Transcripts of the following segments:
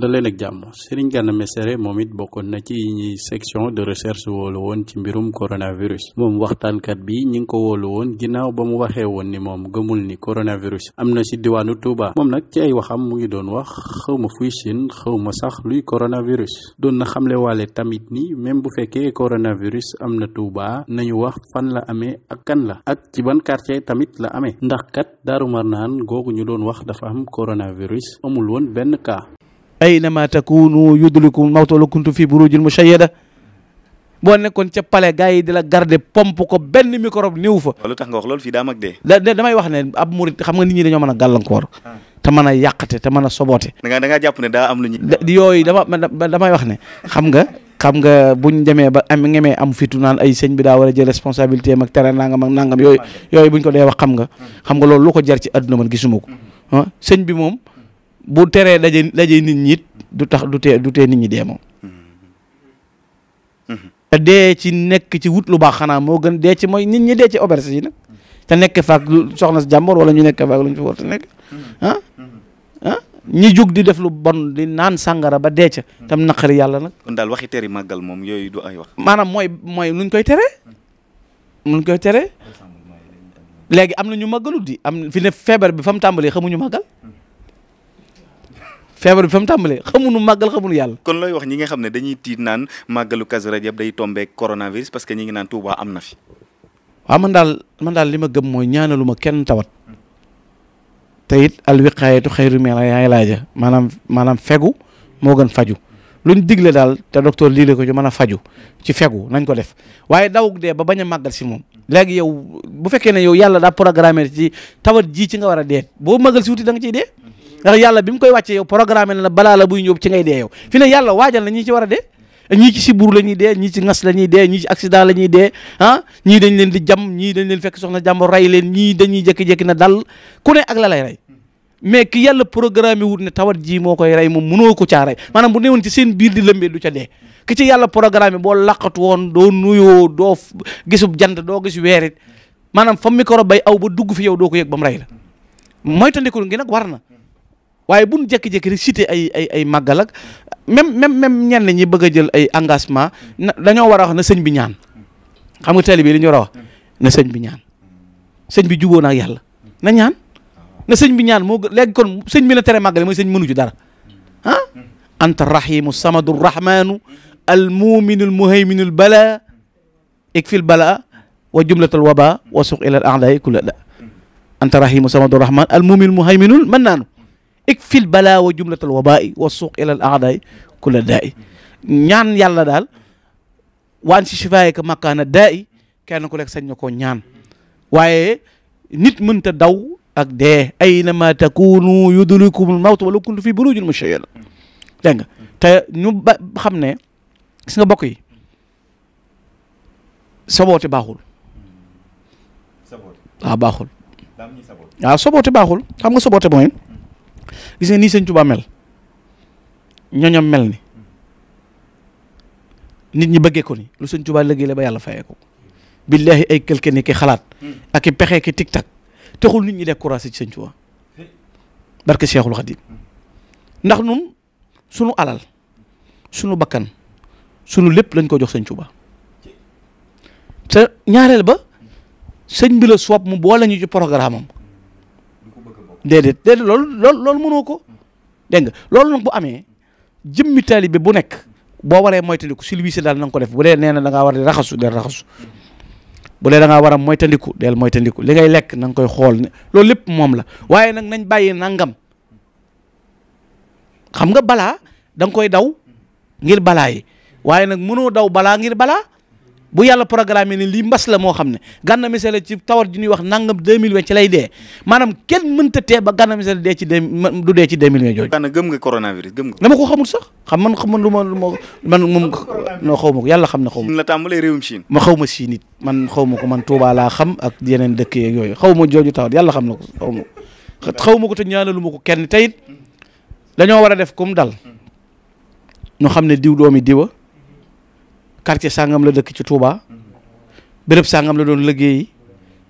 daleen ak jàmm Serigne Gana Messere moom it bokkoon na ci ñi section de recherche woolu woon ci mbirum coronavirus moom waxtaankat bi ñi ngi ko woolu woon ginnaaw ba mu waxee woon ni moom gëmul ni coronavirus am na ci diwaanu Touba moom nag ci ay waxam mu ngi doon wax xaw ma fuy Chine xaw ma sax luy coronavirus doon na xamle waale tamit ni même bu fekkee coronavirus am na Touba nañu wax fan la amee ak kan la ak ci ban quartier tamit la amee ndax kat Daaru googu ñu doon wax dafa am coronavirus amul woon benn cas aynama takunu yudlikum mawtu la kuntu fi burujin mushayyada boo nekkoon ca palais gars yi di la garder pompe ko benn microbe néew fa. loolu tax loolu fii daa mag dee. damay wax ne ab murit xam nga nit ñi dañoo mën a gàllankoor. mën a yàqate te mën a soboote. da ngaa da ngaa jàpp ne daa am lu ñuy. yooyu dama damay wax ne xam nga. xam nga buñ demee ba am ngemee am fitu naan ay sëñ bi daa war a jël responsabilité am ak tere nangam ak nangam yooyu yooyu buñ ko dee wax xam nga. Mm. xam nga loolu lu ko jar ci àdduna man gisuma ko. Mm. Ah, sëñ bi moom bu tere daje daje nit ñi du tax du tee du tee nit ñi dee moom. Mm-hmm. Mm-hmm. te dee ci nekk ci wut lu baax xanaa moo gën dee ci mooy nit ñi dee ci auberge yi nag te nekk faak soxna si jàmbur wala ñu nekk faak lu ñu fi war te mm-hmm. ah? ah? di def lu bon di naan sàngara ba dee ca tam yàlla nag. kon daal waxi teri màggal moom yooyu du ay mooy mooy luñ koy teree. luñ koy teree. léegi am na ñu màggalut di am fi feebar bi fa tàmbali xamuñu màggal. feebar bi fa mu tàmbalee xamuñu màggal xamuñu yàlla. kon looy wax ñi nga xam ne dañuy tiit naan màggalu Kazu Rajab day tombé coronavirus parce que ñi ngi naan Touba am na fi. waaw man daal man daal li ma gëm mooy lu ma kenn tawat te it alwiqaayatu xayru min al-ilaaja maanaam maanaam fegu moo gën faju luñ digle daal te docteur lii ko ci mën a faju ci fegu nañ ko def waaye daw dee ba bañ a màggal si moom léegi yow bu fekkee ne yow yàlla daa programmé ci tawat ji ci nga war a dee boo màggal si da nga ciy dee. ndax yàlla bi mu koy wàccee yow programme na la balaa la buy ñëw ci ngay dee yow fi ne yàlla waajal na ñi ci war a dee ñii ci sibur la ñuy dee ñii ci ngas la ñuy dee ñii ci accident ñuy dee ah, ñii dañ leen di jam ñii dañ leen fekk soxna jàmbur rey leen ñii dañuy jékki-jékki na dal ku ne ak la lay rey mais ki yàlla programme wut na tawat ji moo koy rey moom munoo ko caa rey maanaam bu newoon ci seen biir di lëmbee du ca dee ki ci yàlla programme boo laqatu woon doo nuyoo doo gisub jant doo gis weerit maanaam fa micro bay aw ba dugg fi yow doo ko yëg ba mu rey la moytandiku ngi nag war na waaye bu ñu jékki-jékki rek ay ay ay màggal ak même même même ñenn ñi bëgg a jël ay engagement na dañoo war a wax na sëñ bi ñaan xam nga tali bi li ñu na sëñ bi ñaan sëñ bi juboo na yàlla na ñaan na sëñ bi ñaan moo léegi kon sëñ bi na tere màggale mooy sëñ mënu ci dara ah anta rahimu samadu rahmanu al muminu al muhayminu al bala ikfil bala wa jumlatal waba wa suq ila al a'dai kulla da anta rahimu samadu rahman al muminu al muhayminu mën naanu fil balaa wa jumlatal wabaa'i wa suuq ilal a'daa'i kulla daa'i ñaan yàlla daal waan si shifaayika makkaana daa'i kenn ku nekk sañ na koo ñaan waaye nit mënta daw ak dee ayna ma takunu yudrikumul mawtu walaw kuntum fi burujin mushayyada dégg nga te ñu ba xam ne gis nga bokk yi soboote baaxul waaw baaxul waaw soboote baaxul xam nga soboote mooy gis nga nii sëñ Tuubaa mel ñoñom mel ni nit ñi bëggee ni lu sëñ Tuubaa liggéey ba yàlla fayee ko billaahi ay quelque ni ki xalaat hmm. ak i pexe ki tic tac taxul nit ñi découragé ci sëñ Tuubaa barke Cheikhul Khadim hmm. ndax nun sunu alal sunu bakkan sunu lépp lañ ko jox sëñ Tuubaa te ñaareel ba sëñ bi la soob mu boole ñu ci programme am déedéet déedéet loolu loolu loolu mënoo ko dégg nga loolu nag bu amee jëmmi taalibe bu nekk boo waree moytandiku silwise daal na ko def bu dee nee na da ngaa war di raxasu bu dee da ngaa war a moytandiku del moytandiku li ngay lekk na nga koy xool ne loolu lépp moom la waaye nag nañ bàyyi nangam xam nga balaa da koy daw ngir balaa yi waaye nag mënoo daw balaa ngir balaa bu yàlla programme ni lii mbas la moo xam ne Gana Messere la ci tawat ji ñuy wax nangam 2020 ci lay dee maanaam kenn mënta tee ba Gana Messere dee ci deux du dee ci 2020 jooju. Gana gëm nga coronavirus gëm nga. dama ko xamul sax xam man man lu ma lu ma man moom non xaw ma ko yàlla xam na xaw ma. la tàmbalee ma xaw ma Chine it man xaw ma ko man Touba laa xam ak yeneen dëkk yeeg yooyu xaw ma jooju tawat yàlla xam na ko xaw ma ko xaw ma ko te ma ko kenn tey it dañoo war a def kum dal mm-hmm. ñu xam ne diw doomi diwa. quartier sàngam la dëkk ci Touba béréb sàngam la doon liggéey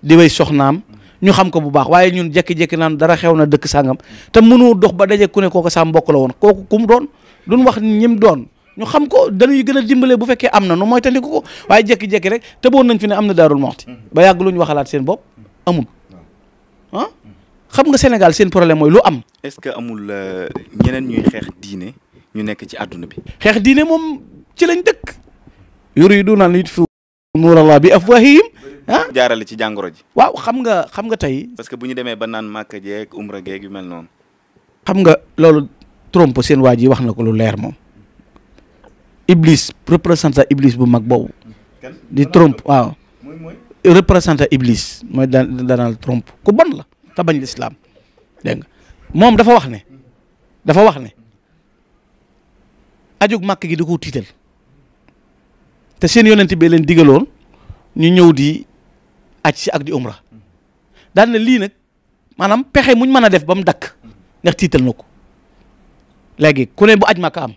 di way soxnaam ñu xam ko bu baax waaye ñun jekki-jekki naan dara xew na dëkk sàngam te mënoo dox ba daje ku ne ko sa mbokk la woon kooku ku doon duñ wax ñim doon ñu xam ko dañuy gën dimbale bu fekkee am na nu mooy tandiku ko waaye jekki-jekki rek tëboon nañ fi ne am na daarul moxti mm-hmm. ba yàgg lu ñu waxalaat seen bopp amul ah xam nga senegal seen problème mooy lu am. est-ce que amul euh, ñeneen ñuy xeex diine ñu nekk ci àdduna bi. xeex diine moom ci lañ dëkk. yi yuriduna an yutfiu nuurallah bi afwahihim ah. jaarale ci jàngoro ji. waaw xam nga xam nga tey. parce que bu ñu demee ba naan màkk jeeg umra geeg yu mel noonu. xam nga loolu trompe seen waa ji wax na ko lu leer moom Iblis représentant Iblis bu mag boobu. di trompe waaw. représentant Iblis mooy daan daanal trompe ku bon la ta bañ lislaam dégg nga moom dafa wax ne. dafa wax ne. ajug màkk gi da koo tiital. te seen ti bi leen digaloon ñu ñëw di aj si ak di umra daan na lii nag maanaam pexe muñ mën a def ba mu dakk ndax tiital na ko léegi ku ne bu aj maka am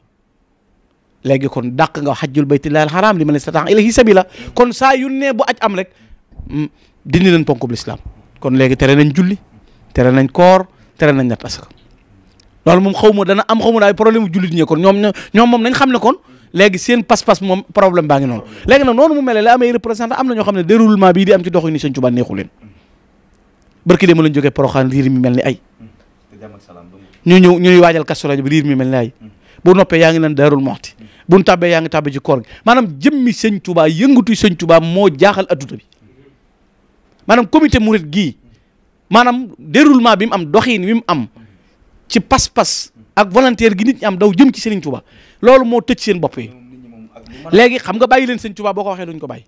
léegi kon dàq nga xajjul baytillahi alxaram li man istata'a ilayhi sabila kon saa yu ne bu aj am rek mm, dindi leen ponk bu lislaam kon léegi tere nañ julli tere nañ koor tere nañ natt asaka loolu moom xaw ma dana am xaw ma daay problème bu jullit ñi kon ñoom ñoom moom nañ xam ne kon léegi seen pas-pas moom problème baa ngi noonu léegi nag noonu mu mel ne la amee représentant am na ñoo xam ne déroulement bii di am ci doxu ni sëñ Tuubaa neexu leen barki dem lañ jógee Poroxaan riir mi mel ni ay ñu ñëw ñuy waajal Kazu Rajab bi riir mi mel ni ay bu noppee yaa ngi naan Daarul Muxti buñ tabbee yaa ngi tàbbi ci koor gi maanaam jëmmi sëñ Tuubaa yëngatu sëñ Tuubaa moo jaaxal adduna bi maanaam comité murit gii maanaam déroulement bi mu am doxiin bi mu am ci pas-pas ak volontaire gi nit ñi am daw jëm ci Serigne Touba loolu moo tëj seen bopp yi léegi xam nga bàyyi leen Serigne Touba boo ko waxee duñ ko bàyyi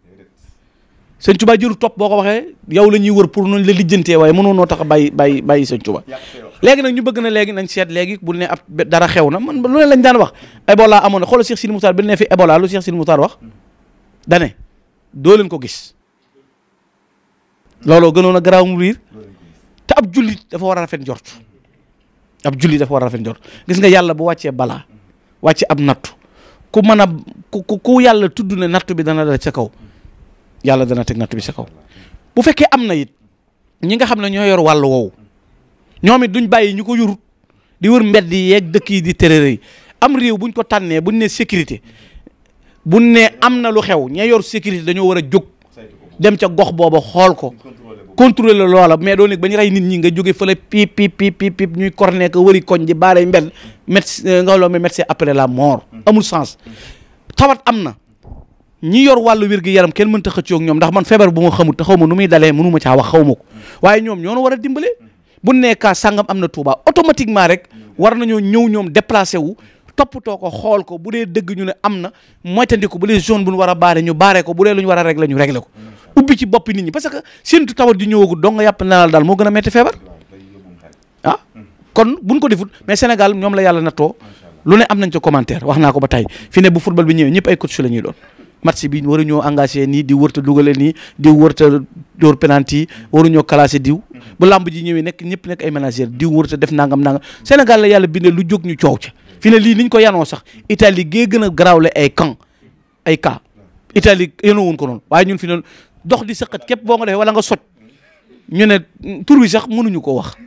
Serigne Touba jëru topp boo ko waxee yow la ñuy wër pour noonu la lijjantee waaye mënoon noo tax bàyyi bàyyi bàyyi Serigne Touba léegi nag ñu bëgg na léegi nañ seet léegi bu ne ab dara xew na man lu ne lañ daan wax Ebola amoon na xoolal Cheikh Sidi Moutar bi ne fi Ebola lu Cheikh Sidi Moutar wax dane doo leen ko gis looloo gënoon a garaaw mu riir te ab jullit dafa war a rafet njort ab julli dafa war a rafet njort gis nga yàlla bu wàccee balaa wàcce ab nattu ku mën a ku ku yàlla tudd na nattu bi dana dal sa kaw yàlla dana teg nattu bi sa kaw bu fekkee am na it ñi nga xam ne ñoo yor wàllu wow ñoom it duñ bàyyi ñu ko yurut di wër mbedd yi yeeg dëkk yi di terere am réew buñ ko tànnee buñ ne sécurité bu ne am na lu xew ña yor sécurité dañoo war a jóg dem ca gox booba xool ko contrôler loola mais doo nekk ba ñu rey nit ñi nga jóge fële pip pip pip pip ñuy corné ko wëri koñ ji baalay mbel médecin euh, la mort amul sens tawat am na ñi yor wàllu wér gi yaram kenn mënta xëccoo ak ñoom ndax man feebar bu ma xamul te xaw ma nu muy dalee mënu ma caa wax xaw ko waaye ñoom ñoo war a dimbale bu nekka sangam am na Touba automatiquement rek war nañoo ñëw ñoom déplacé wu toppatoo ko xool ko bu dee dëgg ñu ne am na moytandiku bu dee zone bu ñu a baare ñu baaree ko bu dee lu war a régler ñu régler ko ubbi ci boppi nit ñi parce que séntu tawat ju ñëwagul dong nga yàpp nelaw daal moo gën a metti feebar ah kon buñ ko defut mais Sénégal ñoom la yàlla nattoo lu ne am nañ ca commentaire wax naa ko ba tey fi ne bu football bi ñëwee ñëpp ay coach la ñuy doon match bi waruñoo engagé nii di wërta dugale nii di wërta dóor penalty waruñoo classé diw bu làmb ñëwee nekk ñëpp nekk ay manager diw wërta def nangam nangam Sénégal la yàlla bindee lu jóg ñu coow ca fi ne lii niñ ko yanoo sax Italie gee gën a garaawle ay dox di sëqat képp boo nga defee wala nga sot ñu ne tur wi sax mënuñu ko wax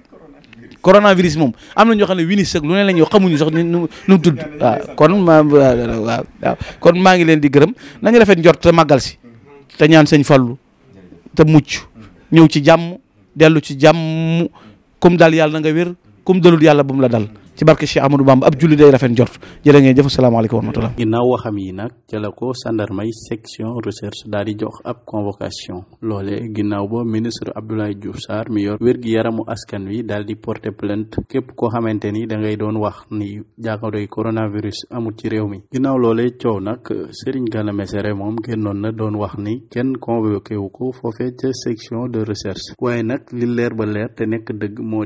coronavirus moom am na ñoo xam ne winis sax lu ne la ñuy wax xamuñu sax nu mu tudd kon ma maa ngi leen di gërëm nañu rafet njort te màggal si te ñaan sëñ Fallu te mucc ñëw ci jàmm dellu ci jàmm kum dal yàlla na nga wér kum dalul yàlla bu mu la dal ci barke Cheikh Amadou Bamba ab julli day rafet njort jërë ngeen jëf asalaamaaleykum wa rahmatullah. ginnaaw waxam yi nag ca la ko section recherche daal di jox ab convocation loole ginnaaw ba ministre Abdoulaye Diouf Sarr mi yor wér gi yaramu askan wi daal di porter plainte képp koo xamante ni da ngay doon wax ni jàngoroy coronavirus amul ci réew mi ginnaaw loolee coow nag Serigne Gana Messere moom noon na doon wax ni kenn convoqué wu ko foofee ca section de recherche waaye nag leer ba leer nekk dëgg moo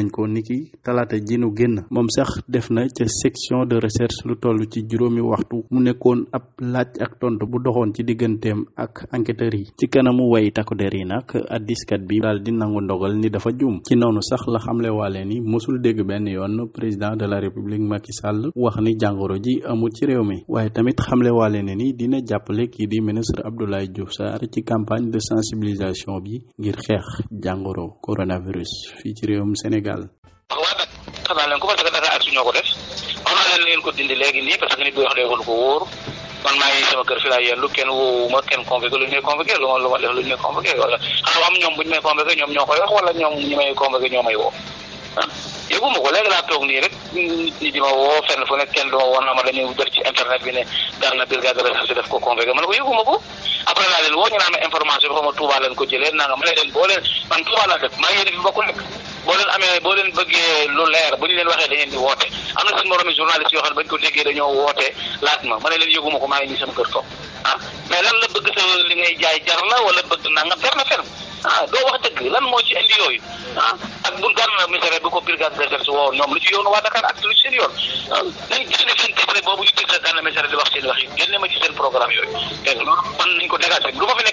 nañ ko niki talaata ji nu génn moom sax def na ca section de recherche lu toll ci juróomi waxtu mu nekkoon ab laaj ak tontu bu doxoon ci digganteem ak enquêteurs yi ci kanamu way takku der yi nag addiskat bi daal di nangu ndogal ni dafa juum ci noonu sax la xamle waale ni mosul dégg benn yoon président de la république Macky sàll wax ni jàngoro ji amul ci réew mi waaye tamit xamle waale ne ni dina jàppale kii di ministre Abdoulaye Diouf Sarr ci campagne de sensibilisation bi ngir xeex jàngoro Sénégal. waaw nag xanaa leen ku ko defee dara ak su ñoo ko def wax naa leen ngeen ko dindi may woo ah, yëguma ko léegi laa toog nii rek nit ñi di ma woo fenn fu nekk kenn du ma woo na ma dañuy def ci internet bi ne dara na biir gàgg si def ko convoqué ma ne ko yëguma ko après laa leen woo ñu naan ma information bi xam nga Touba ko jëlee naa nga ma leen boo man Touba laa def maa ngi fi bokk nekk boo leen amee boo leen bëggee lu leer bu ñu leen waxee da ngeen di woote am na seen moromi journaliste yoo xam ne bañ ko ko maa ngi ah, li ngay jaay jar la wala bëgg na nga fer ah, dëgg lan moo ci indi yooyu ah ak bu gànna misère bu ko brigade des recherches woo wax seen wax yi génne ma ci nekk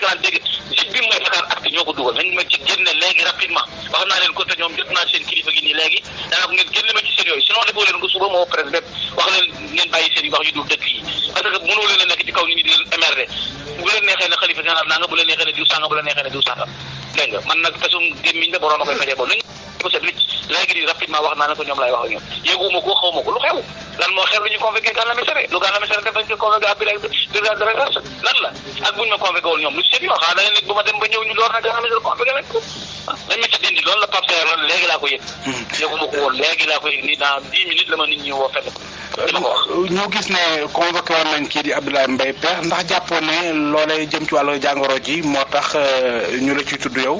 naan dégg si biir mooy Dakar acte ñoo ko dugal nañ ma ci génne léegi rapidement wax naa leen ko te jot naa seen kilifa gi nii léegi daanaka ngeen génne ma ci seen yooyu sinon defoo leen ko suba moo presse bépp wax leen ngeen bàyyi seen yi wax yu dul dëkk yi parce que mënoo leen a nekk ci kaw nit ñi di leen émerder bu leen neexee ne xalifa général naa nga bu leen neexee ne diw sànga bu leen neexee ne diw sànga dégg nga man nag pesum gémmiñ la boroom a koy fajee boobu peut-être li léegi nii rapidement wax naa ne ko ñoom laay wax ak ñoom yëguma ko xawma ko lu xew lan moo xew lu ñu convoqué Gana ab bilaay brigade de recherche lan la ak buñ ma convoqué woon ñoom lu sérieux xaa da nga nekk ñu door ko ah, dañ ma la Pape léegi laa ko yëg hmm. yëguma ko woon léegi laa ko yëg nii dans dix minutes la ma nit ñi woo fekk woon nañ kii di Abdoulaye Mbaye Pekh ndax jàppoon ne loolee jëm ci wàll jàngoro ji moo tax euh, ñu la ciy tudd yow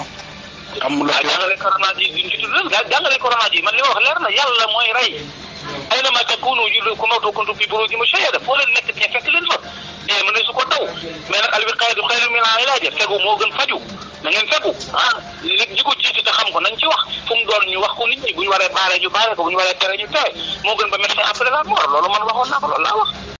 non. amul lu ci ah, wax jàngale corona ji duñ ci man li ma wax leer na yàlla mooy rey. ay na ma takkuunu ji lu kumatu kuntu fi buruuji mushayyada foo leen nekk te fekk leen fa. dee eh, mën na su ko daw mais nag al wiqaayatu xayrun min al ilaaja fegu moo gën faju na ngeen fegu ah li ñi ko ko nañ ci wax fu mu doon ñu wax ko nit ñi bu ñu waree baaree ñu baaree ko bu ñu waree tere ñu tere ba médecin après la mort loolu man waxoon naa ko loolu laa wax.